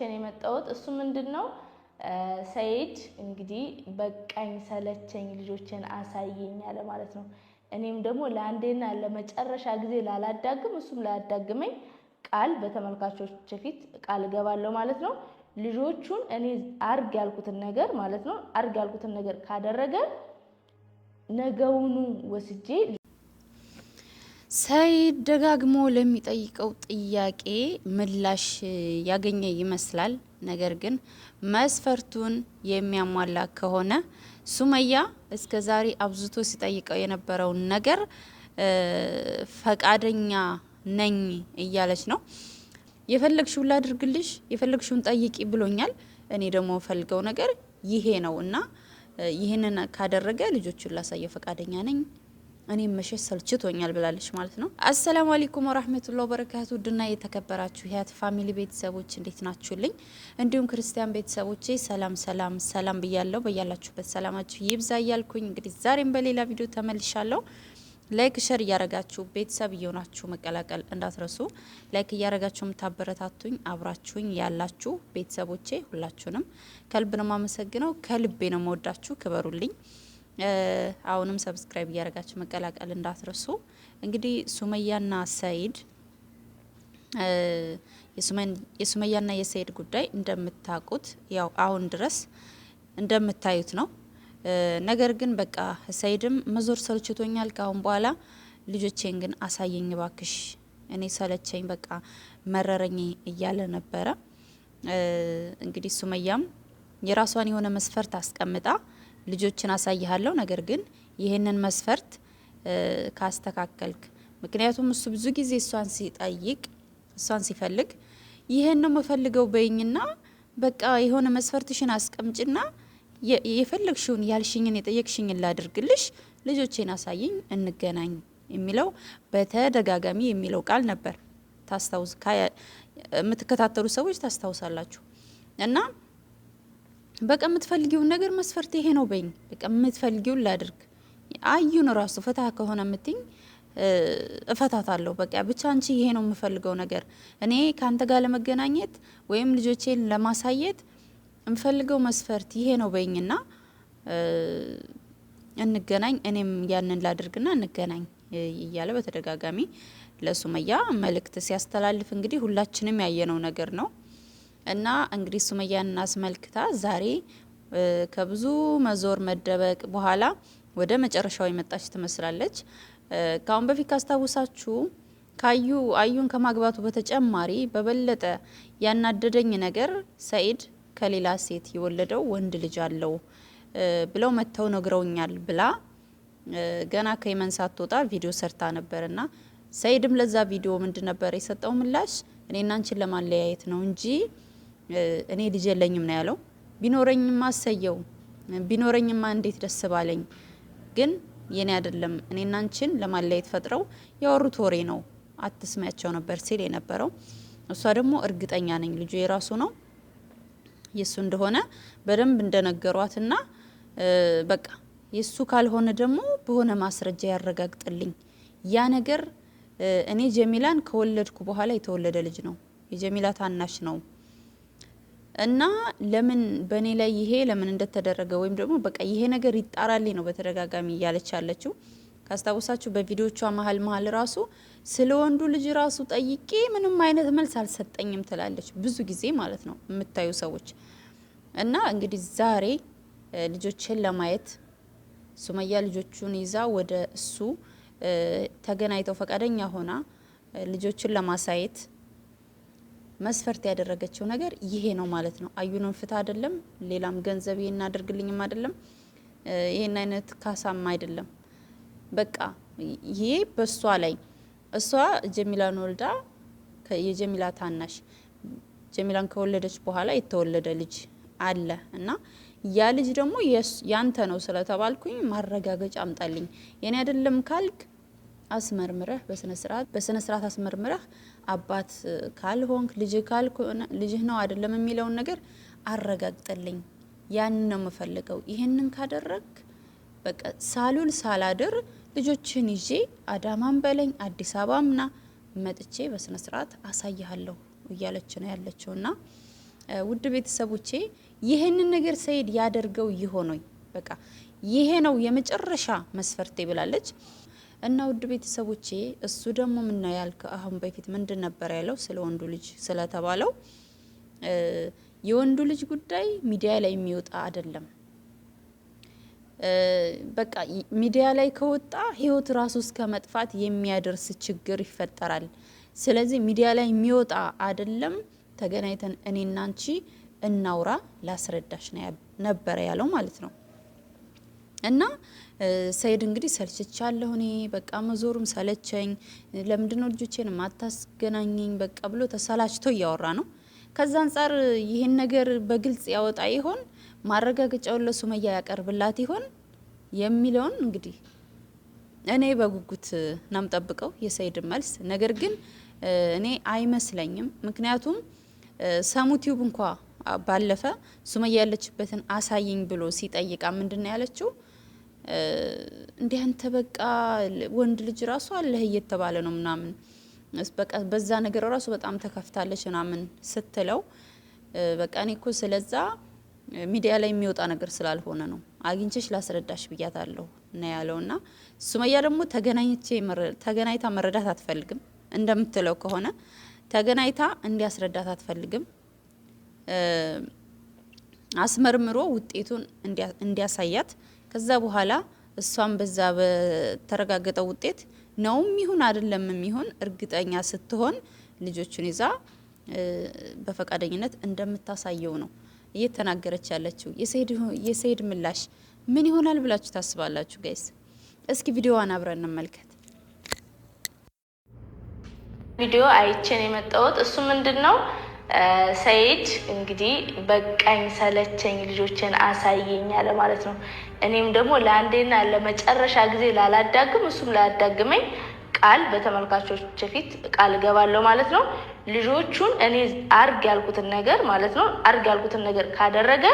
ከኔ የመጣሁት እሱ ምንድን ነው ሰይድ እንግዲህ በቃኝ ሰለቸኝ ልጆችን አሳየኝ አለ ማለት ነው። እኔም ደግሞ ለአንዴና ለመጨረሻ ጊዜ ላላዳግም እሱም ላያዳግመኝ ቃል በተመልካቾች ፊት ቃል እገባለሁ ማለት ነው። ልጆቹን እኔ አርግ ያልኩትን ነገር ማለት ነው አርግ ያልኩትን ነገር ካደረገ ነገውኑ ወስጄ ሰይድ ደጋግሞ ለሚጠይቀው ጥያቄ ምላሽ ያገኘ ይመስላል። ነገር ግን መስፈርቱን የሚያሟላ ከሆነ ሱመያ እስከ ዛሬ አብዝቶ ሲጠይቀው የነበረውን ነገር ፈቃደኛ ነኝ እያለች ነው። የፈለግሽውን ላድርግልሽ፣ የፈለግሽውን ጠይቂ ብሎኛል። እኔ ደግሞ ፈልገው ነገር ይሄ ነው እና ይህንን ካደረገ ልጆቹን ላሳየው ፈቃደኛ ነኝ እኔም መሸሽ ሰልችቶኛል ብላለች ማለት ነው። አሰላሙ አለይኩም ወራህመቱላ ወበረካቱ ድና የተከበራችሁ ህያት ፋሚሊ ቤተሰቦች እንዴት ናችሁልኝ? እንዲሁም ክርስቲያን ቤተሰቦቼ ሰላም ሰላም ሰላም ብያለሁ። በያላችሁበት ሰላማችሁ ይብዛ እያልኩኝ እንግዲህ ዛሬም በሌላ ቪዲዮ ተመልሻለሁ። ላይክ ሸር እያረጋችሁ ቤተሰብ እየሆናችሁ መቀላቀል እንዳትረሱ። ላይክ እያረጋችሁ የምታበረታቱኝ አብራችሁኝ ያላችሁ ቤተሰቦቼ ሁላችሁንም ከልብ ነው ማመሰግነው። ከልቤ ነው መወዳችሁ። ክበሩልኝ። አሁንም ሰብስክራይብ እያደረጋችሁ መቀላቀል እንዳትረሱ። እንግዲህ ሱመያና ሰይድ የሱመያና የሰይድ ጉዳይ እንደምታውቁት ያው አሁን ድረስ እንደምታዩት ነው። ነገር ግን በቃ ሰይድም መዞር ሰልችቶኛል፣ ከአሁን በኋላ ልጆቼን ግን አሳየኝ ባክሽ፣ እኔ ሰለቸኝ፣ በቃ መረረኝ እያለ ነበረ። እንግዲህ ሱመያም የራሷን የሆነ መስፈርት አስቀምጣ ልጆችን አሳይሃለሁ፣ ነገር ግን ይህንን መስፈርት ካስተካከልክ ምክንያቱም እሱ ብዙ ጊዜ እሷን ሲጠይቅ እሷን ሲፈልግ ይህን ነው የምፈልገው በይኝና በቃ የሆነ መስፈርትሽን አስቀምጭና የፈለግሽውን ያልሽኝን የጠየቅሽኝን ላድርግልሽ፣ ልጆቼን አሳይኝ፣ እንገናኝ የሚለው በተደጋጋሚ የሚለው ቃል ነበር። የምትከታተሉ ሰዎች ታስታውሳላችሁ እና በቃ የምትፈልጊውን ነገር መስፈርት ይሄ ነው በኝ በቃ የምትፈልጊውን ላድርግ። አዩን ራሱ ፈታ ከሆነ የምትኝ እፈታታለሁ። በቃ ብቻ አንቺ ይሄ ነው የምፈልገው ነገር እኔ ከአንተ ጋር ለመገናኘት ወይም ልጆቼን ለማሳየት የምፈልገው መስፈርት ይሄ ነው በኝና እንገናኝ፣ እኔም ያንን ላድርግና እንገናኝ እያለ በተደጋጋሚ ለሱመያ መልእክት ሲያስተላልፍ እንግዲህ ሁላችንም ያየነው ነገር ነው። እና እንግዲህ ሱመያን አስመልክታ ዛሬ ከብዙ መዞር መደበቅ በኋላ ወደ መጨረሻው የመጣች ትመስላለች። ካሁን በፊት ካስታውሳችሁ ካዩ አዩን ከማግባቱ በተጨማሪ በበለጠ ያናደደኝ ነገር ሰኢድ ከሌላ ሴት የወለደው ወንድ ልጅ አለው ብለው መጥተው ነግረውኛል ብላ ገና ከየመን ሳትወጣ ቪዲዮ ሰርታ ነበር እና ሰኢድም ለዛ ቪዲዮ ምንድን ነበር የሰጠው ምላሽ? እኔ እናንችን ለማለያየት ነው እንጂ እኔ ልጅ የለኝም ነው ያለው። ቢኖረኝማ አሰየው፣ ቢኖረኝማ እንዴት ደስ ባለኝ። ግን የኔ አይደለም እኔና አንቺን ለማለየት ፈጥረው ያወሩት ወሬ ነው፣ አትስሚያቸው ነበር ሲል የነበረው። እሷ ደግሞ እርግጠኛ ነኝ ልጁ የራሱ ነው የሱ እንደሆነ በደንብ እንደነገሯትና በቃ የሱ ካልሆነ ደግሞ በሆነ ማስረጃ ያረጋግጥልኝ። ያ ነገር እኔ ጀሚላን ከወለድኩ በኋላ የተወለደ ልጅ ነው፣ የጀሚላ ታናሽ ነው እና ለምን በእኔ ላይ ይሄ ለምን እንደተደረገ ወይም ደግሞ በቃ ይሄ ነገር ይጣራልኝ ነው በተደጋጋሚ እያለች ያለችው። ካስታወሳችሁ በቪዲዮቿ መሀል መሀል ራሱ ስለ ወንዱ ልጅ ራሱ ጠይቄ ምንም አይነት መልስ አልሰጠኝም ትላለች፣ ብዙ ጊዜ ማለት ነው የምታዩ ሰዎች። እና እንግዲህ ዛሬ ልጆችን ለማየት ሱመያ ልጆቹን ይዛ ወደ እሱ ተገናኝተው ፈቃደኛ ሆና ልጆችን ለማሳየት መስፈርት ያደረገችው ነገር ይሄ ነው ማለት ነው። አዩንም ፍት አይደለም፣ ሌላም ገንዘብ ይሄን አድርግልኝም አይደለም፣ ይሄን አይነት ካሳም አይደለም። በቃ ይሄ በእሷ ላይ እሷ ጀሚላን ወልዳ የጀሚላ ታናሽ ጀሚላን ከወለደች በኋላ የተወለደ ልጅ አለ እና ያ ልጅ ደግሞ ያንተ ነው ስለተባልኩኝ ማረጋገጫ አምጣልኝ የኔ አይደለም ካልክ አስመርምረህ በስነ ስርዓት በስነ ስርዓት አስመርምረህ አባት ካልሆንክ ልጅህ ነው አይደለም የሚለውን ነገር አረጋግጥልኝ። ያን ነው የምፈልገው። ይህንን ካደረግ በቃ ሳሉል ሳላድር ልጆችን ይዤ አዳማን በለኝ አዲስ አበባ ምና መጥቼ በስነ ስርዓት አሳይሃለሁ እያለች ነው ያለችው። ና ውድ ቤተሰቦቼ ይህንን ነገር ሰይድ ያደርገው ይሆኖኝ በቃ ይሄ ነው የመጨረሻ መስፈርቴ ብላለች። እና ውድ ቤተሰቦቼ እሱ ደግሞ ምና ያልክ አሁን በፊት ምንድን ነበር ያለው ስለ ወንዱ ልጅ ስለተባለው የወንዱ ልጅ ጉዳይ ሚዲያ ላይ የሚወጣ አይደለም። በቃ ሚዲያ ላይ ከወጣ ህይወት ራሱ እስከ መጥፋት የሚያደርስ ችግር ይፈጠራል። ስለዚህ ሚዲያ ላይ የሚወጣ አይደለም። ተገናኝተን እኔና አንቺ እናውራ ላስረዳሽ ነበር ያለው ማለት ነው። እና ሰይድ እንግዲህ ሰልችቻለሁ እኔ በቃ መዞሩም ሰለቸኝ፣ ለምንድነው ልጆቼን ማታስገናኘኝ በቃ ብሎ ተሰላችቶ እያወራ ነው። ከዛ አንጻር ይህን ነገር በግልጽ ያወጣ ይሆን ማረጋገጫውን ለሱመያ ያቀርብላት ይሆን የሚለውን እንግዲህ እኔ በጉጉት ናም ጠብቀው የሰይድ መልስ። ነገር ግን እኔ አይመስለኝም። ምክንያቱም ሰሙ እንኳ ባለፈ ሱመያ ያለችበትን አሳይኝ ብሎ ሲጠይቃ ምንድን ነው ያለችው? እንዲህ አንተ በቃ ወንድ ልጅ ራሱ አለህ እየተባለ ነው ምናምን በቃ በዛ ነገር ራሱ በጣም ተከፍታለች ምናምን ስትለው በቃ እኔ እኮ ስለዛ ሚዲያ ላይ የሚወጣ ነገር ስላልሆነ ነው አግኝቼሽ ላስረዳሽ ብያታለሁ ነው ያለው። እና ሱመያ ደግሞ ተገናኝታ መረዳት አትፈልግም እንደምትለው ከሆነ ተገናኝታ እንዲያስረዳት አትፈልግም። አስመርምሮ ውጤቱን እንዲያሳያት ከዛ በኋላ እሷም በዛ በተረጋገጠው ውጤት ነውም ይሁን አይደለም ይሁን እርግጠኛ ስትሆን ልጆቹን ይዛ በፈቃደኝነት እንደምታሳየው ነው እየተናገረች ያለችው። የሰይድ ምላሽ ምን ይሆናል ብላችሁ ታስባላችሁ ጋይስ? እስኪ ቪዲዮዋን አብረን እንመልከት። ቪዲዮ አይቼን የመጣሁት እሱ ምንድን ነው ሰይድ እንግዲህ በቃኝ ሰለቸኝ ልጆችን አሳየኝ አለ ማለት ነው። እኔም ደግሞ ለአንዴና ለመጨረሻ ጊዜ ላላዳግም እሱም ላያዳግመኝ ቃል በተመልካቾች ፊት ቃል እገባለሁ ማለት ነው። ልጆቹን እኔ አርግ ያልኩትን ነገር ማለት ነው አርግ ያልኩትን ነገር ካደረገ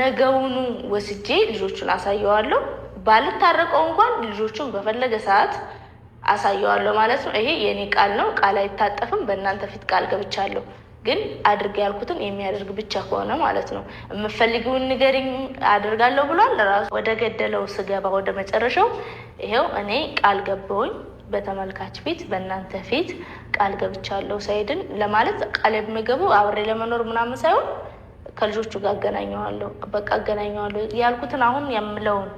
ነገውኑ ወስጄ ልጆቹን አሳየዋለሁ። ባልታረቀው እንኳን ልጆቹን በፈለገ ሰዓት አሳየዋለሁ ማለት ነው። ይሄ የእኔ ቃል ነው። ቃል አይታጠፍም። በእናንተ ፊት ቃል ገብቻለሁ። ግን አድርገ ያልኩትን የሚያደርግ ብቻ ከሆነ ማለት ነው። የምፈልጊውን ንገሪኝ አደርጋለሁ ብሏል። ራሱ ወደ ገደለው ስገባ ወደ መጨረሻው ይሄው እኔ ቃል ገባሁኝ በተመልካች ፊት በእናንተ ፊት ቃል ገብቻለሁ ሰኢድን ለማለት ቃል የሚገቡ አብሬ ለመኖር ምናምን ሳይሆን ከልጆቹ ጋር አገናኘዋለሁ፣ በቃ አገናኘዋለሁ ያልኩትን አሁን የምለውን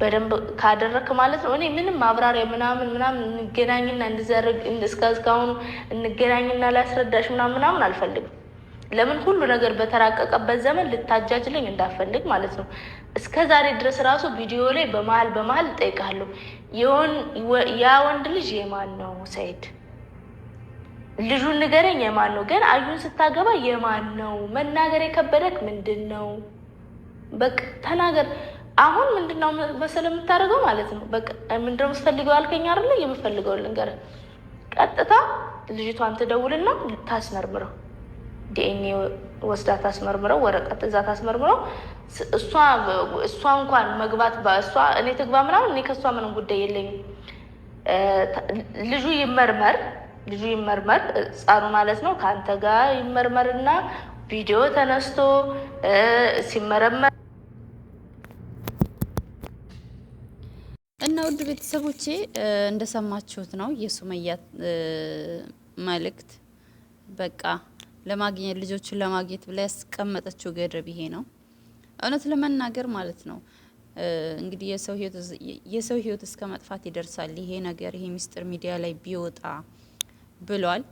በደንብ ካደረክ ማለት ነው። እኔ ምንም ማብራሪያ ምናምን ምናምን እንገናኝና እንድዘርግ እስከሁን እንገናኝና ላስረዳሽ ምናምን ምናምን አልፈልግም። ለምን ሁሉ ነገር በተራቀቀበት ዘመን ልታጃጅለኝ እንዳፈልግ ማለት ነው። እስከ ዛሬ ድረስ ራሱ ቪዲዮ ላይ በመሀል በመሀል እጠይቃለሁ። ያ ወንድ ልጅ የማን ነው? ሰይድ ልጁን ንገረኝ፣ የማን ነው? ግን አዩን ስታገባ የማን ነው? መናገር የከበደክ ምንድን ነው? በቃ ተናገር። አሁን ምንድነው መሰለ የምታደርገው ማለት ነው። በቃ ምንድነው የምትፈልገው አልከኝ አይደለ? የምፈልገው ልንገርህ። ቀጥታ ልጅቷን ትደውልና ታስመርምረው፣ ዲኤንኤ ወስዳ ታስመርምረው፣ ወረቀት እዛ ታስመርምረው። እሷ እሷ እንኳን መግባት እሷ እኔ ትግባ ምናምን፣ እኔ ከእሷ ምንም ጉዳይ የለኝም። ልጁ ይመርመር፣ ልጁ ይመርመር፣ ሕፃኑ ማለት ነው። ከአንተ ጋር ይመርመርና ቪዲዮ ተነስቶ ሲመረመር እና ውድ ቤተሰቦቼ እንደሰማችሁት ነው የሱመያ መልእክት። በቃ ለማግኘት ልጆቹን ለማግኘት ብላ ያስቀመጠችው ገደብ ይሄ ነው። እውነት ለመናገር ማለት ነው እንግዲህ የሰው ህይወት እስከ መጥፋት ይደርሳል ይሄ ነገር ይሄ ሚስጥር ሚዲያ ላይ ቢወጣ ብሏል።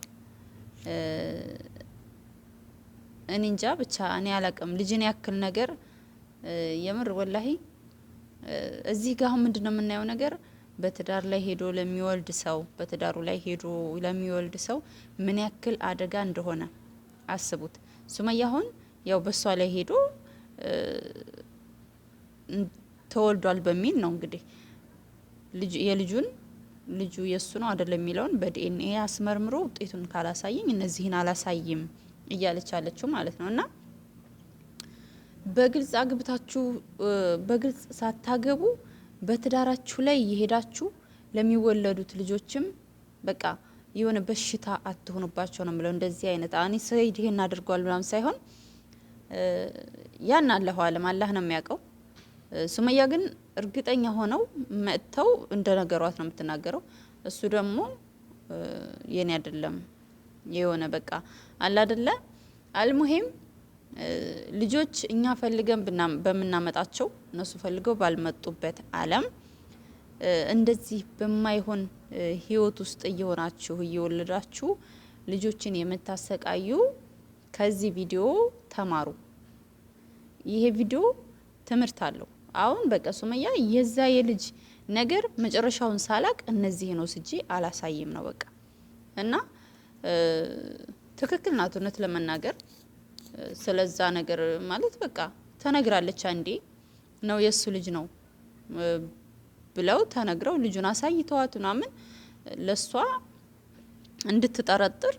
እኔ እንጃ ብቻ እኔ አላቅም ልጅን ያክል ነገር የምር ወላሄ እዚህ ጋር አሁን ምንድነው ነው የምናየው ነገር በትዳር ላይ ሄዶ ለሚወልድ ሰው በትዳሩ ላይ ሄዶ ለሚወልድ ሰው ምን ያክል አደጋ እንደሆነ አስቡት። ሱመያ አሁን ያው በሷ ላይ ሄዶ ተወልዷል በሚል ነው እንግዲህ የልጁን ልጁ የሱ ነው አይደለም የሚለውን በዲኤንኤ አስመርምሮ ውጤቱን ካላሳየኝ እነዚህን አላሳይም እያለች አለችው ማለት ነው እና በግልጽ አግብታችሁ በግልጽ ሳታገቡ በትዳራችሁ ላይ የሄዳችሁ ለሚወለዱት ልጆችም በቃ የሆነ በሽታ አትሆኑባቸው ነው የምለው። እንደዚህ አይነት እኔ ሰይድ ይሄን አድርጓል ምናምን ሳይሆን ያን አለሁ አለም አላህ ነው የሚያውቀው። ሱመያ ግን እርግጠኛ ሆነው መጥተው እንደ ነገሯት ነው የምትናገረው። እሱ ደግሞ የኔ አይደለም የሆነ በቃ አላደለ አይደለ አልሙሂም ልጆች እኛ ፈልገን በምናመጣቸው እነሱ ፈልገው ባልመጡበት ዓለም እንደዚህ በማይሆን ህይወት ውስጥ እየሆናችሁ እየወለዳችሁ ልጆችን የምታሰቃዩ ከዚህ ቪዲዮ ተማሩ። ይሄ ቪዲዮ ትምህርት አለው። አሁን በቃ ሱመያ የዛ የልጅ ነገር መጨረሻውን ሳላቅ ነው ወስጄ አላሳይም ነው በቃ እና ትክክል ናት እውነት ለመናገር ስለዛ ነገር ማለት በቃ ተነግራለች። አንዴ ነው የእሱ ልጅ ነው ብለው ተነግረው ልጁን አሳይተዋት ምናምን ለእሷ እንድትጠረጥር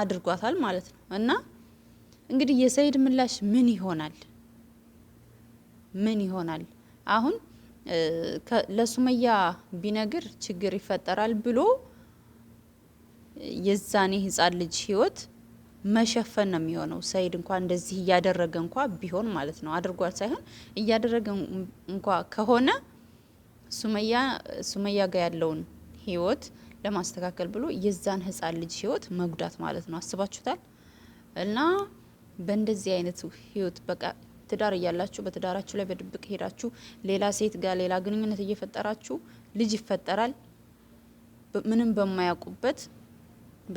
አድርጓታል ማለት ነው። እና እንግዲህ የሰይድ ምላሽ ምን ይሆናል? ምን ይሆናል? አሁን ለሱመያ ቢነግር ችግር ይፈጠራል ብሎ የዛኔ ህጻን ልጅ ህይወት መሸፈን ነው የሚሆነው። ሰይድ እንኳ እንደዚህ እያደረገ እንኳ ቢሆን ማለት ነው አድርጓል ሳይሆን እያደረገ እንኳ ከሆነ ሱመያ ሱመያ ጋር ያለውን ህይወት ለማስተካከል ብሎ የዛን ህፃን ልጅ ህይወት መጉዳት ማለት ነው። አስባችሁታል? እና በእንደዚህ አይነት ህይወት በቃ ትዳር እያላችሁ በትዳራችሁ ላይ በድብቅ ሄዳችሁ ሌላ ሴት ጋር ሌላ ግንኙነት እየፈጠራችሁ ልጅ ይፈጠራል ምንም በማያውቁበት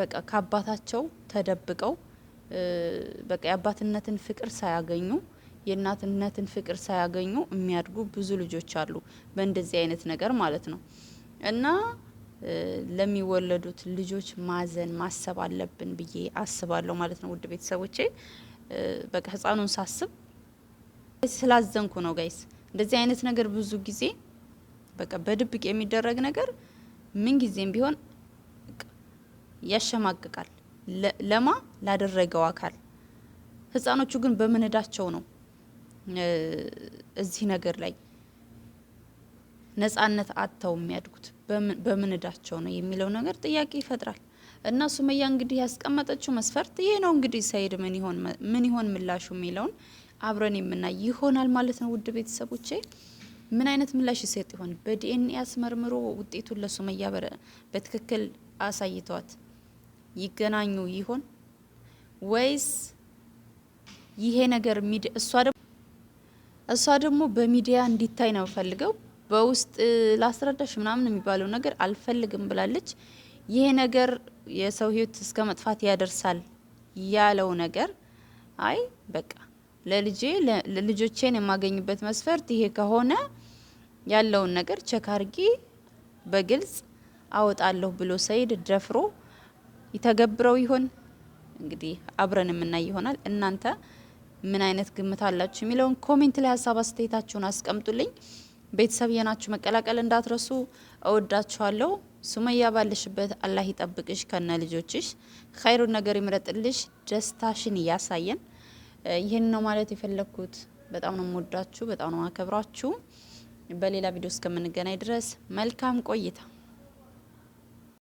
በቃ ከአባታቸው ተደብቀው በቃ የአባትነትን ፍቅር ሳያገኙ የእናትነትን ፍቅር ሳያገኙ የሚያድጉ ብዙ ልጆች አሉ፣ በእንደዚህ አይነት ነገር ማለት ነው። እና ለሚወለዱት ልጆች ማዘን ማሰብ አለብን ብዬ አስባለሁ ማለት ነው። ውድ ቤተሰቦቼ በቃ ህፃኑን ሳስብ ስላዘንኩ ነው ጋይስ። እንደዚህ አይነት ነገር ብዙ ጊዜ በቃ በድብቅ የሚደረግ ነገር ምን ጊዜም ቢሆን ያሸማቅቃል። ለማ ላደረገው አካል ህፃኖቹ ግን በምንዳቸው ነው እዚህ ነገር ላይ ነጻነት አጥተው የሚያድጉት በምንዳቸው ነው የሚለው ነገር ጥያቄ ይፈጥራል። እና ሱመያ እንግዲህ ያስቀመጠችው መስፈርት ይሄ ነው። እንግዲህ ሰይድ ምን ይሆን ምን ይሆን ምላሹ የሚለውን አብረን የምናይ ይሆናል ማለት ነው። ውድ ቤተሰቦቼ ምን አይነት ምላሽ ይሰጥ ይሆን? በዲኤንኤ አስመርምሮ ውጤቱን ለሱመያ በትክክል አሳይተዋት ይገናኙ ይሆን ወይስ ይሄ ነገር እሷ ደግሞ እሷ ደግሞ በሚዲያ እንዲታይ ነው ፈልገው በውስጥ ላስረዳሽ ምናምን የሚባለው ነገር አልፈልግም ብላለች። ይሄ ነገር የሰው ሕይወት እስከ መጥፋት ያደርሳል ያለው ነገር አይ በቃ ለልጄ ልጆቼን የማገኝበት መስፈርት ይሄ ከሆነ ያለውን ነገር ቸካርጊ አርጊ በግልጽ አወጣለሁ ብሎ ሰይድ ደፍሮ ይተገብረው ይሆን? እንግዲህ አብረን የምናይ ይሆናል። እናንተ ምን አይነት ግምት አላችሁ የሚለውን ኮሜንት ላይ ሀሳብ አስተያየታችሁን አስቀምጡልኝ። ቤተሰብ የናችሁ መቀላቀል እንዳትረሱ። እወዳችኋለሁ። ሱመያ ባለሽበት አላህ ይጠብቅሽ ከነ ልጆችሽ፣ ኸይሩን ነገር ይምረጥልሽ፣ ደስታሽን እያሳየን። ይህን ነው ማለት የፈለግኩት። በጣም ነው የምወዳችሁ፣ በጣም ነው አከብራችሁ። በሌላ ቪዲዮ እስከምንገናኝ ድረስ መልካም ቆይታ